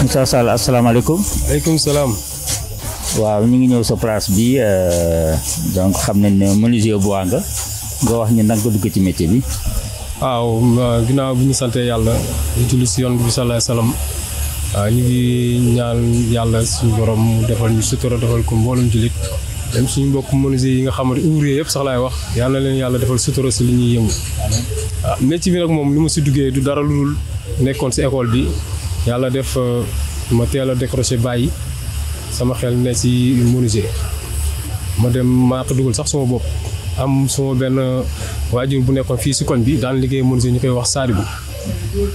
Moussa Sall asalaamaaleykum. aleykum salaam. waaw ñu ngi ñëw sa place bi euh, donc xam nañ ne bu bois nga nga wax ñu nag nga dugg ci métier bi. waaw ginnaaw bu ñu santee yàlla di julli si yoon bi salaay salaam ñu ngi ñaan yàlla suñu borom mu defal ñu sutura defal ko mboolum jullit même mbokk menuisier yi nga xamante ouvrier yëpp laay wax yal leen yàlla defal sutura si li ñuy yëngu. waaw bi nag moom li ma si duggee du dara lu dul nekkoon si école bi. yàlla def euh, ma teel a décroché bàyyi sama xel ne ci menuisier ma dem maa ko dugal sax sama bopp am sama benn euh, waajur bu nekkoon fii si koñ bi daan liggéey menuisier ñu koy wax saari bu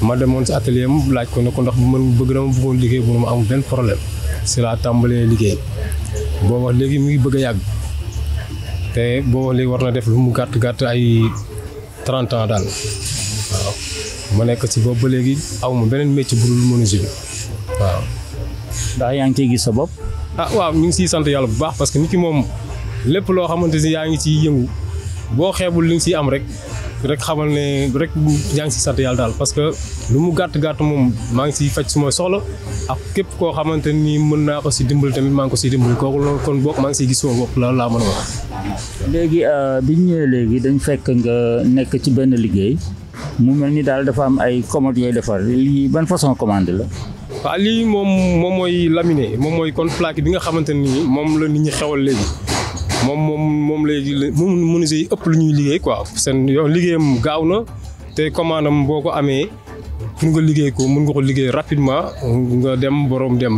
ma demoon si atelier laaj ko ne ndox ndax bu mën bëgg dama bëggoon liggéey bu mu am benn problème si laa tàmbalee liggéey boo wax léegi mu ngi bëgg a yàgg te boo wax léegi war na def lu mu gàtt gàtt ay 30 ans daal ma nekk ci boobu ba léegi aw ma beneen métier bu dul menuisier bi waaw. ndax yaa ngi ciy gis sa bopp. ah waaw ñu ngi siy sant yàlla bu baax parce que nit ki moom lépp loo xamante ni yaa ngi ciy yëngu boo xeebul li nga siy am rek rek xamal ne rek yaa ngi siy sant daal parce que lu mu gàtt gàtt moom maa ngi siy faj suma soxla ak képp koo xamante ni mën naa ko si dimbali tamit maa ngi ko siy dimbali kooku loolu kon boog maa ngi siy gis suma bopp la laa mën a wax. léegi euh, bi ñëwee léegi dañ fekk nga nekk ci benn liggéey. mu mel nii daal dafa am ay commande yooyu defar lii ban façon commande la. waaw lii moom moom mooy laminé moom mooy kon plaque bi nga xamante nii moom la nit ñi xewal léegi moom moom moom léegi la moom menuisier yi ëpp lu ñuy liggéey quoi seen yow liggéeyam gaaw na te commande am boo ko amee pour nga liggéey ko mën nga ko liggéey rapidement nga dem boroom dem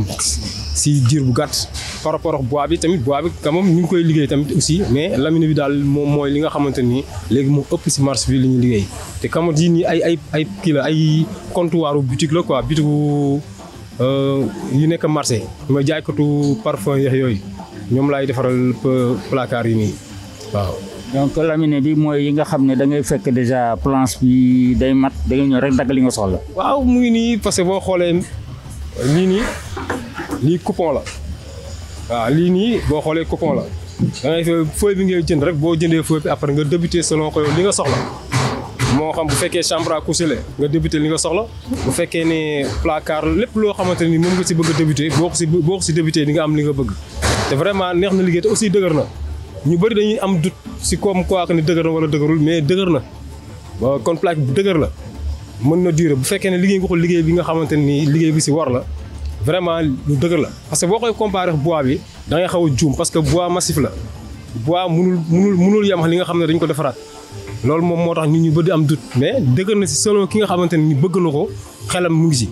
si jiir bu gàtt. par rapport ak bois tamit bois bi quand même koy liggéey tamit aussi mais lamine bi daal moom mooy li nga xamante nii léegi moo ëpp si marché bi li ñu liggéey te kamot yi nii ay ay ay kii la ay comptoiru boutique la quoi boutique yu euh, nekk marché ma jaaykatu parfum yeex yooyu ñoom laay defaral placard yi nii waaw donc laminé bi mooy yi nga xam ne da fekk déjà planche bi day mat da ngay ñëw rek dagg li nga soxla waaw mu ngi nii parce boo xoolee lii nii lii coupon la waaw lii nii boo xoolee coupon la da ngay feuille bi ngay jënd rek boo jëndee feuille bi après nga débuté selon ko yow li nga soxla moo xam bu fekkee chambre à nga débuté li nga soxla bu fekkee ne placard lépp loo xamante ni moom nga si bëgg a débuté boo ko si boo ko si débuté di nga am li nga bëgg te vraiment neex na liggéey te aussi dëgër na ñu bëri dañuy am doute si koom quoi que ni dëgër na wala dëgërul mais dëgër na kon plaque bu dëgër la mën na durer bu fekkee ne liggéey nga ko liggéey bi nga xamante ni liggéey bi si war la vraiment lu dëgër la parce que boo koy comparé bois bi dangay xaw a juum parce que bois massif la bois munul munul munul yamax li nga xam ne dañ ko defaraat loolu moom moo tax nit ñu bëri am doute mais dëgër na si selon ki nga xamante ne ni bëgg na ko xelam mu ngi si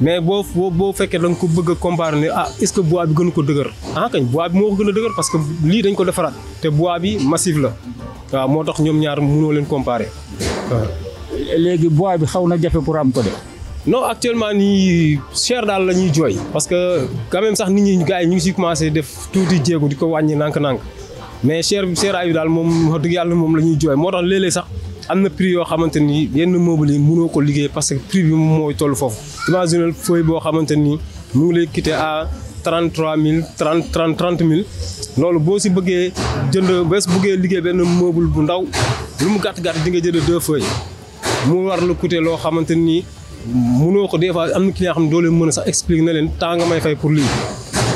mais boo boo fekkee da ko bëgg a comparé ah est ce que bois bi gën ko dëgër ah kañ bois bi moo ko gën a dëgër parce que lii dañ ko defaraat te bois bi massif la waaw moo tax ñoom ñaar mënoo leen comparé léegi bois bi xaw na jafe pour am ko de. non actuellement nii cher daal la ñuy jooy parce que quand sax nit ñi gars yi ñu ngi si commencé def tuuti jéego di ko wàññi nànk-nànk mais cher seeraayu daal moom wax yàlla moom la ñuy jooy moo tax léeg-léeg sax am na prix yoo xamante ni yenn meubles yi ko liggéey parce que prix bi mooy toll foofu imaginez feuille boo xamante ni mu ngi lay à trente mille trente trente mille loolu boo si bëggee jënd bés bëggee liggéey benn meuble bu ndaw lu mu gàtt gàtt di nga jënd deux feuilles mu war la coûté loo xamante ni mënoo ko des fois am na client xam ne doo leen mën a sax expliquer na leen temps nga may fay pour lii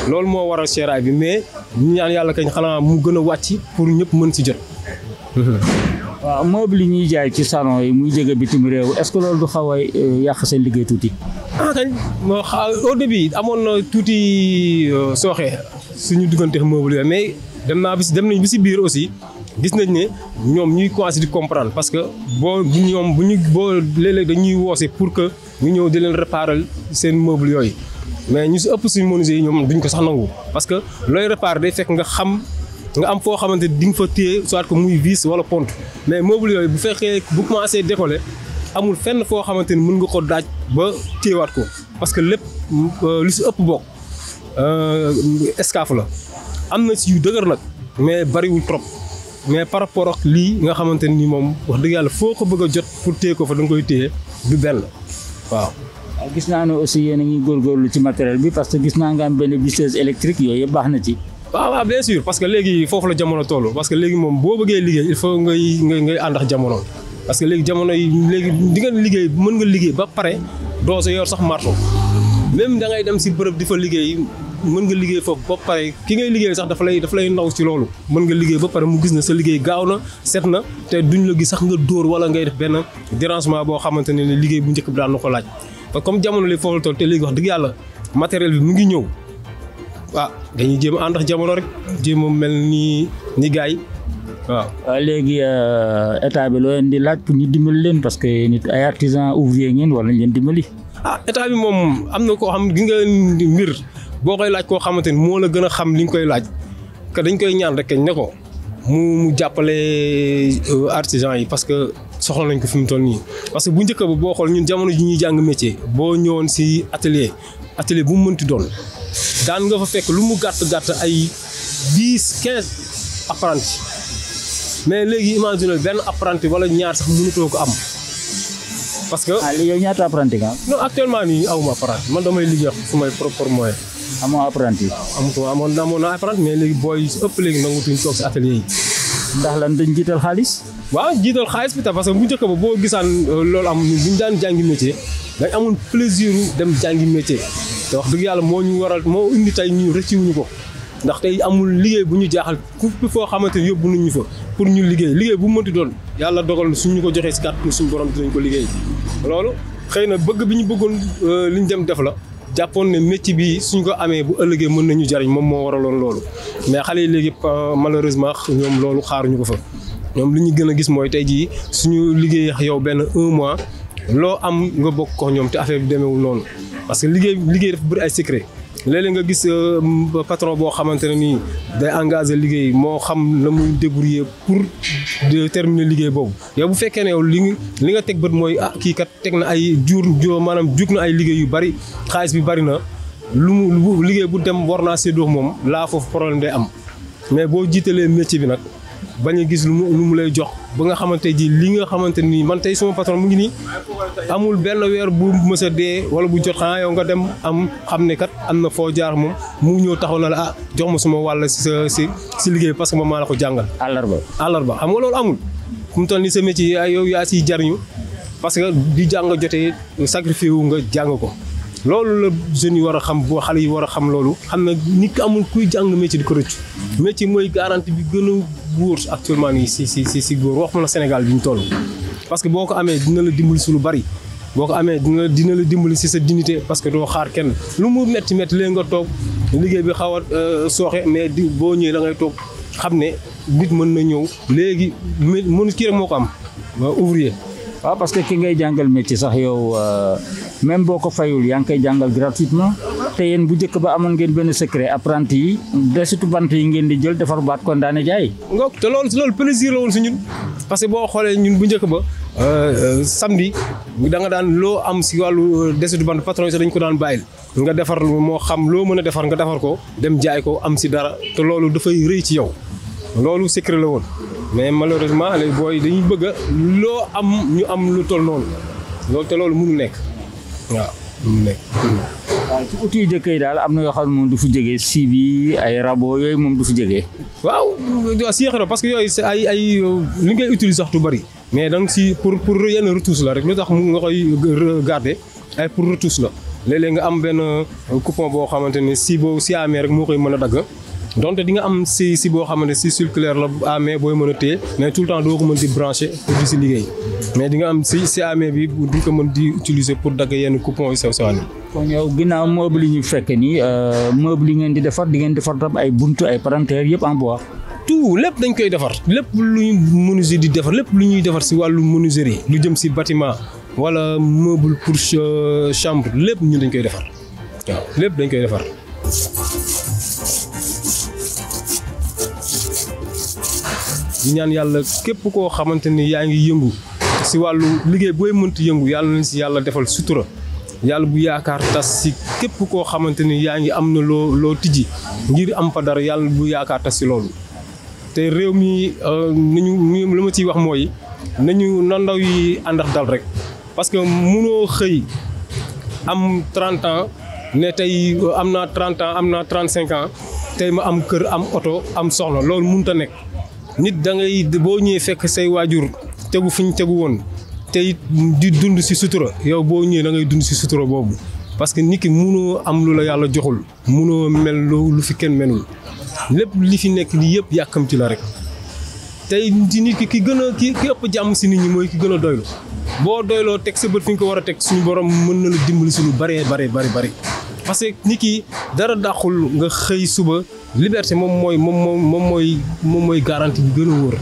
loolu moo war a seeraay bi mais ñu ñaan yàlla kañ xanaa mu gën a wàcc pour ñëpp mën si jot. waaw meuble yi ñuy jaay ci salon yi muy bi bitim réew est-ce que loolu du xaw a euh, yàq seen liggéey tuuti. ah kañ au début amoon na tuuti euh, sooxee suñu diggante meuble mais dem naa bis dem nañ bi si biir aussi. gis nañ ne ñoom ñuy commencé di comprendre parce que boo ñoom bu ñu boo léeg-léeg dañuy woose pour que ñu ñëw di leen réparal seen meuble yooyu mais ñu si ëpp suñu menuisier yi ñoom duñ ko sax nangu parce que looy réparé day fekk nga xam nga am foo xamante di nga fa téye soit que muy vis wala pont mais meuble yooyu bu fekkee bu commencé décoller amul fenn foo xamante ni mën nga ko daaj ba téyewaat ko parce que lépp euh, lu si ëpp bokk euh, escaf la am na si yu dëgër nag mais bariwul trop. mais par rapport ak lii nga xamante ni moom wax dëgg yàlla foo ko bëgg a jot pour téye ko fa da nga koy téye du benn waaw. gis naa ne aussi yéen a ngi góorgóorlu ci matériel bi parce que gis naa nga am benn visseuse électrique yooyu yëpp baax na ci. waaw waaw bien sûr parce que léegi foofu la jamono toll parce que léegi moom boo bëggee liggéey il faut ngay ngay ngay ànd ak jamono parce que léegi jamono yi léegi di nga liggéey mën nga liggéey ba pare doo sa yor sax marto même da dem si bërëb di fa liggéey mën nga liggéey foofu ba pare ki ngay liggéey sax dafa lay dafa lay naw si loolu mën nga liggéey ba pare mu gis na sa liggéey gaaw na set na te duñ la gis sax nga dóor wala ngay def benn dérangement boo xamante ne ne liggéey bu njëkk bi daan na ko laaj comme jamono li foofu toll te léegi wax dëgg yàlla matériel bi mu ngi ñëw ah dañuy jéem a ànd ak jamono rek jéem a mel ni ni gars waaw. waaw léegi euh, état bi loo leen laaj ñu dimbali leen parce que nit ay artisan ouvrier ngeen war nañ leen dimbali. ah état bi moom am na koo xam gi nga mbir boo koy laaj koo xamante ni moo la gën a xam li nga koy laaj que dañ koy ñaan rek kañ ne ko mu mu jàppale euh, artisan yi parce que soxla nañ ko fi mu toll nii. parce que bu njëkk ba boo xool ñun jamono ji ñuy jàng métier boo ñëwoon si atelier atelier bu mu ti doon daan nga fa fekk lu mu gàtt gàtt ay dix quinze apprentis mais léegi imaginer benn apprenti wala ñaar sax mënutoo ko am. parce que ah yow ñaata apprenti nga non actuellement nii awuma apprenti man damay liggéey ak sumay propre moyen amoo apprenti. am amoon amoon na apprenti mais léegi booy yi ëpp léegi nangutuñ toog si atelier yi. ndax lan dañ jiital xaalis. waaw jiital xaalis bi tam parce que bu jëkk ba boo gisaan euh, loolu am bu daan jàngi métier dañ amoon plaisir dem jàngi métier te wax dëgg yàlla moo ñu waral moo indi tey ñu rëcciwuñu ko. ndax tey amul liggéey bu ñu jaaxal ku foo xamante ni yóbbu nañ ñu fa pour ñu liggéey liggéey bu mënti doon yàlla dogal suñu ñu ko joxee si kàttan suñu borom ko liggéey loolu xëy na bëgg bi ñu bëggoon euh, liñ dem def la jàppoon ne métier bi suñ ko amee bu ëllëgee mën nañu jariñ moom moo waraloon loolu mais xale yi léegi euh, malheureusement ñoom loolu xaaruñu ko fa ñoom li ñu gën a gis mooy tey jii suñu liggéey yow benn un mois loo am nga bokk ko ñoom te affaire bi demeewul noonu parce que liggéey liggéey dafa bëri ay secret léeg nga gis euh, patron boo xamante ne nii day engagé liggéey moo xam la muy débrouiller pour terminer liggéey boobu yow bu fekkee ne yow li li nga teg bët mooy ah kii kat teg na ay jur jur maanaam jug na ay liggéey yu bari xaalis bi bari na lu mu lu liggéey bu dem war naa séddoo moom laa foofu problème day am mais boo jiitalee métier bi nag. bañ gis lu mu lu mu lay jox ba nga xamante jii li nga xamante nii man tey sama patron mu ngi nii amul benn weer bu mës a dee wala bu jot xanaa yow nga dem am xam ne kat am na foo jaar moom mu ñëw taxaw na la ah jox ma suma wàll si sa si liggéey parce que ma maa la ko jàngal. àllarba àllarba am nga loolu amul fu mu toll sa métier ah, yow yaa siy jariñu parce que di jàng jotee sacrifice wu nga jàng ko. loolu la jeunes yi war a xam boo xale yi war a xam loolu xam na nit ki amul kuy jàng métier di ko mooy garantie bi gën a wóor nii si si si si góor wax ma la bi ñu toll parce que boo ko amee dina la dimbali si lu bari boo ko amee dina dina la dimbali si sa dignité parce que doo xaar kenn lu mu metti metti nga toog liggéey bi xaw a euh, sooxe mais di boo ñëwee da ngay toog xam ne nit mën na ñëw léegi mënu kii rek moo ko am euh, ouvrier waaw ah, parce que ki ngay jàngal métier sax yow euh, même boo ko fayul yaa ngi koy jàngal gratuitement te yéen bu njëkk ba amoon ngeen benn secret apprenti yi desitu bant yi ngeen di jël defar baat kon daane jaay. ngoog te loolu loolu plaisir la woon si ñun parce que boo xoolee ñun bu njëkk ba euh, euh, samedi da nga daan loo am si wàllu desitu bant patron yi dañ ko daan bàyyil. nga defar moo xam loo mën a defar nga defar ko dem jaay ko am si dara te loolu dafay rëy ci yow loolu secret la woon. mais malheureusement les booy dañuy bëgg loo am ñu am lu toll noonu loolu te loolu mënu nekk nekk. waaw ci yu jëkk yi daal am na yoo xam du fu jege si bi ay rabo yooyu moom du fu jege. waaw waaw parce que yooyu ay ay li ngay utiliser sax du bari mais donc si pour pour yenn retouches la rek lu tax nga koy garder ay pour retouches la léeg nga am benn coupon boo xamante ni si boo si amee rek moo koy mën a dagg. donte di nga am si si boo xam ne si circulaire la amee booy mën a mais tout le temps doo ko mën di branché pour di si liggéey am si si amee bi di ko mën di utiliser pour dagg yenn coupon yu sew sewaan yi. kon yow ginnaaw meuble yi ñu fekk nii euh, meuble ngeen di defar di ngeen defar tam ay buntu ay palanteer yëpp en bois. tout lépp dañ koy defar lépp lu menuisier di defar lépp lu ñuy defar si wàllu menuiserie lu jëm si bâtiment wala meuble pour euh, chambre lépp ñu dañ koy defar waaw lépp dañ koy defar. di ñaan yàlla képp koo xamante ni yaa ngi yëngu si wàllu liggéey booy mënti yëngu yàlla nañ si yàlla defal sutura yàlla bu yaakaar tas si képp koo xamante ni yaa ngi am na loo loo tijji ngir am fa dara yàlla bu yaakaar tas si loolu. te réew mi euh, nañu li ma ciy wax mooy nañu na ndaw yi àndax dal rek parce que mënoo xëy am 30 ans tey am na 30 am naa 35 ans tey ma am kër am oto am soxla loolu mënut a nekk. nit da ngay boo ñëwee fekk say waajur tegu fi ñu tegu woon tey it di dund si sutura yow boo ñëwee da ngay dund si sutura boobu parce que nit ki mënoo am lu la yàlla joxul mënoo mel lu fi kenn melul lépp li fi nekk li yëpp yàkkamti la rek tey ci nit ki ki gën a ki ki ëpp jàmm si nit ñi mooy ki gën a doylu boo doyloo teg sa bët fi nga ko war a teg suñu borom mën na la dimbali si lu bëree bare bari bëri parce que nit ki dara dàqul nga xëy suba liberté moom mooy moom moom mooy moom mooy garantie bi gën a wóor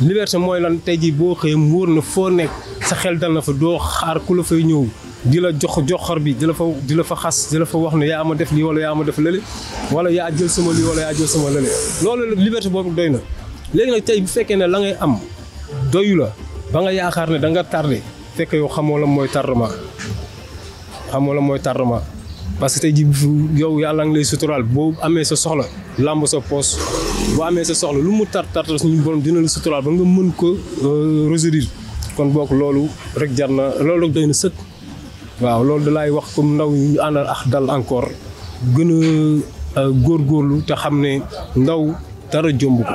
liberté mooy lan tey jii boo xëyee mu wóor na foo nekk sa xel dal na fa doo xaar ku la fay ñëw di la jox joxor bi di la fa di la fa xas di la fa wax ne yaa ma def lii wala yaa ma def lële wala yaa jël sama lii wala yaa jël sama lële loolu liberté boobu doy na léegi nag tey bu fekkee ne la ngay am doyu la ba nga yaakaar ne da nga tardé fekk yow xamoo la mooy tardement xamoo la mooy tardement parce que tey ji yow yàlla ngi lay suturaal boo amee sa soxla làmb sa poos boo amee sa soxla lu mu tar tar suñu borom dina la suturaal ba nga mën ko euh, résoudre kon boog loolu rek jar na loolu rek doy na sëkk waaw loolu dalaay wax comme ndaw yi ñu ak dal encore gën euh, góor góorlu te xam ne ndaw dara jomb ko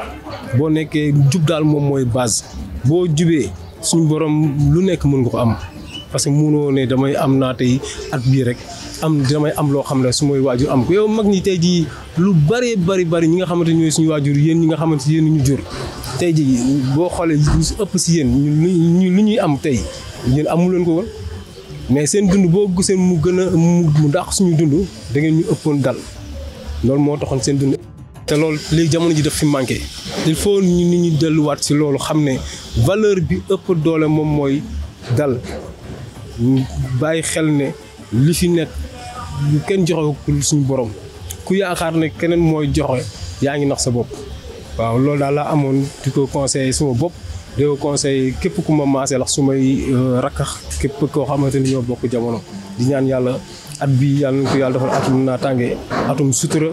boo nekkee jub daal moom mooy base boo jubee suñu borom lu nekk mën nga ko am parce que mënoo ne damay am naa tey at bii rek am damay am loo xam ne su may waajur am ko yow mag ñi tey jii lu bëree bëri bëri ñi nga xamante ñooy suñu waajur yéen ñi nga xamante yéen ñu jur tey jii boo xoolee lu ëpp si yéen ñu lu ñuy am tey yéen amu leen ko woon mais seen dund boo gisee mu gën a mu ndax suñu dund da ngeen ñu ëppoon dal loolu moo taxoon seen dund. te lool léegi jamono ji def fi manqué il faut ñu nit ñi delluwaat si loolu xam ne valeur bi ëpp doole moom mooy dal bàyyi xel ne. li fi nekk lu kenn joxewul suñu borom ku yaakaar ne keneen mooy joxe yaa ngi nax sa bopp waaw loolu daal laa amoon di ko conseillé suma bopp di ko képp ku ma maasee lax su may euh, rakkax képp koo xamante ni ñoo bokk jamono di ñaan yàlla at bi yàlla na ko yàlla defal atum tànge atum sutura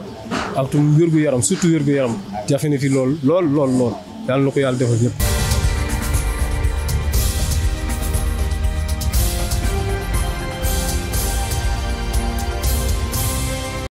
atum wér-gu-yaram surtout wér-gu-yaram jafe na fi lool lool lool lool yàlla na ko yàlla defal ñëpp